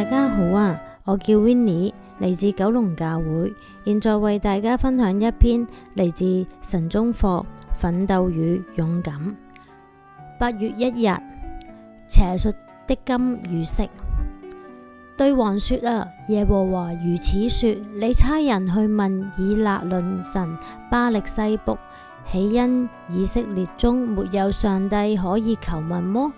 大家好啊，我叫 Winnie，嚟自九龍教會，現在為大家分享一篇嚟自神中課《奮鬥與勇敢》。八月一日，邪術的今與昔。對王說啊，耶和華如此說：你差人去問以勒論神巴力西卜，豈因以色列中沒有上帝可以求問麼？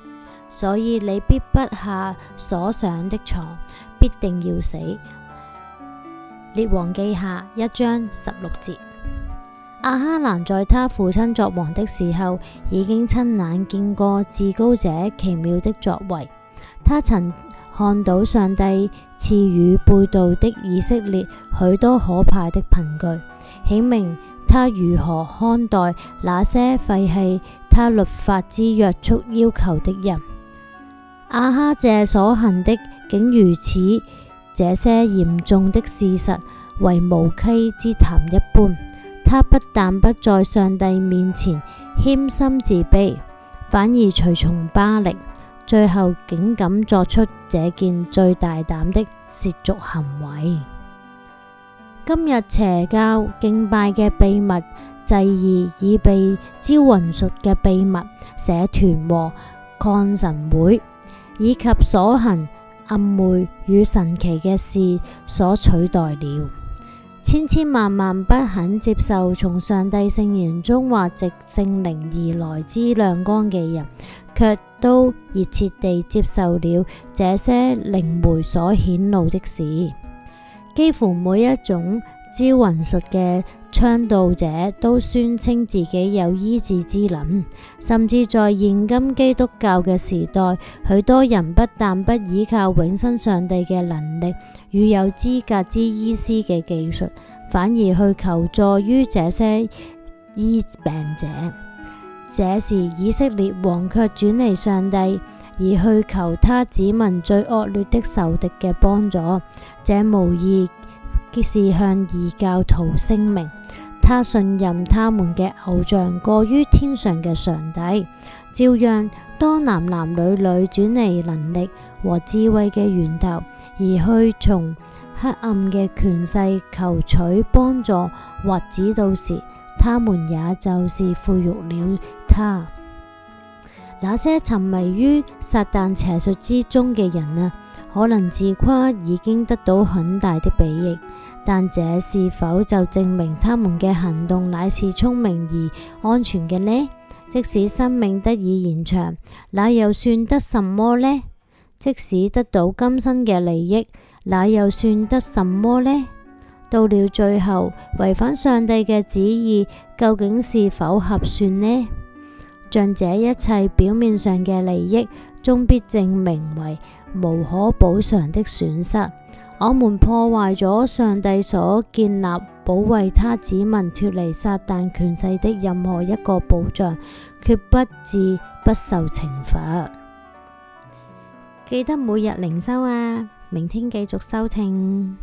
所以你必不下所上的床，必定要死。列王記下一章十六節。阿哈蘭在他父親作王的時候，已經親眼見過至高者奇妙的作為。他曾看到上帝賜予背道的以色列許多可怕的憑據，顯明他如何看待那些廢棄他律法之約束要求的人。阿、啊、哈謝所行的竟如此，這些嚴重的事實為無稽之談一般。他不但不在上帝面前謙心自卑，反而隨從巴力，最後竟敢作出這件最大膽的褻瀆行為。今日邪教敬拜嘅秘密祭儀，已被招魂術嘅秘密社團和抗神會，以及所行暗昧與神奇嘅事所取代了。千千萬萬不肯接受從上帝聖言中或直聖靈而來之亮光嘅人，却都熱切地接受了這些靈媒所顯露的事。幾乎每一種。招魂術嘅倡導者都宣稱自己有醫治之能，甚至在現今基督教嘅時代，許多人不但不依靠永生上帝嘅能力與有資格之醫師嘅技術，反而去求助於這些醫病者。這時，以色列王卻轉離上帝，而去求他子民最惡劣的仇敵嘅幫助，這無疑。即是向異教徒聲明，他信任他們嘅偶像過於天上嘅上帝，照樣當男男女女轉離能力和智慧嘅源頭，而去從黑暗嘅權勢求取幫助或指導時，他們也就是賦予了他。那些沉迷於撒旦邪術之中嘅人啊，可能自誇已經得到很大的裨益，但這是否就證明他們嘅行動乃是聰明而安全嘅呢？即使生命得以延長，那又算得什麼呢？即使得到今生嘅利益，那又算得什麼呢？到了最後，違反上帝嘅旨意，究竟是否合算呢？像這一切表面上嘅利益，終必證明為無可補償的損失。我們破壞咗上帝所建立、保衛他子民脫離撒但權勢的任何一個保障，卻不至不受懲罰。記得每日靈修啊，明天繼續收聽。